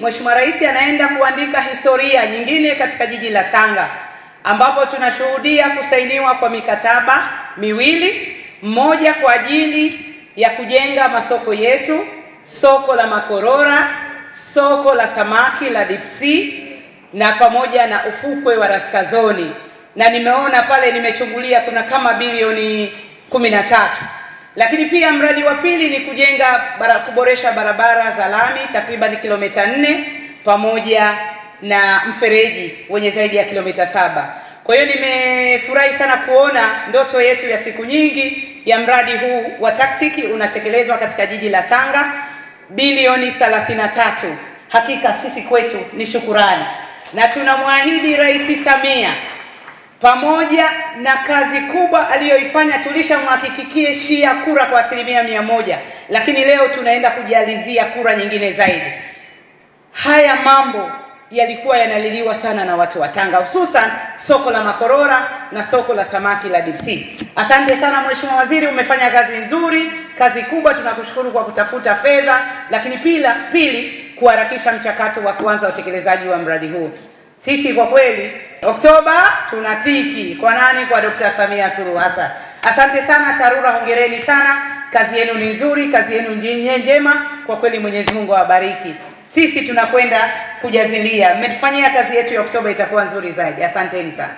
Mheshimiwa Rais anaenda kuandika historia nyingine katika jiji la Tanga ambapo tunashuhudia kusainiwa kwa mikataba miwili, mmoja kwa ajili ya kujenga masoko yetu, soko la Makorora, soko la samaki la deep sea na pamoja na ufukwe wa Raskazoni, na nimeona pale nimechungulia kuna kama bilioni kumi na tatu. Lakini pia mradi wa pili ni kujenga bara, kuboresha barabara za lami takriban kilomita nne pamoja na mfereji wenye zaidi ya kilomita saba. Kwa hiyo nimefurahi sana kuona ndoto yetu ya siku nyingi ya mradi huu wa taktiki unatekelezwa katika jiji la Tanga, bilioni 33. Hakika sisi kwetu ni shukurani, na tunamwahidi Rais Samia pamoja na kazi kubwa aliyoifanya, tulishamhakikikie Shia kura kwa asilimia mia moja, lakini leo tunaenda kujalizia kura nyingine zaidi. Haya mambo yalikuwa yanaliliwa sana na watu wa Tanga, hususan soko la Makorora na soko la samaki la DC. Asante sana Mheshimiwa Waziri, umefanya kazi nzuri, kazi kubwa. Tunakushukuru kwa kutafuta fedha, lakini pila pili kuharakisha mchakato wa kuanza utekelezaji wa mradi huu. Sisi kwa kweli Oktoba tunatiki kwa nani? Kwa Dkt. Samia Suluhu Hassan. Asante sana TARURA, hongereni sana, kazi yenu ni nzuri, kazi yenu nye njema, kwa kweli Mwenyezi Mungu awabariki. Sisi tunakwenda kujazilia, mmetufanyia kazi yetu ya Oktoba itakuwa nzuri zaidi. Asanteni sana.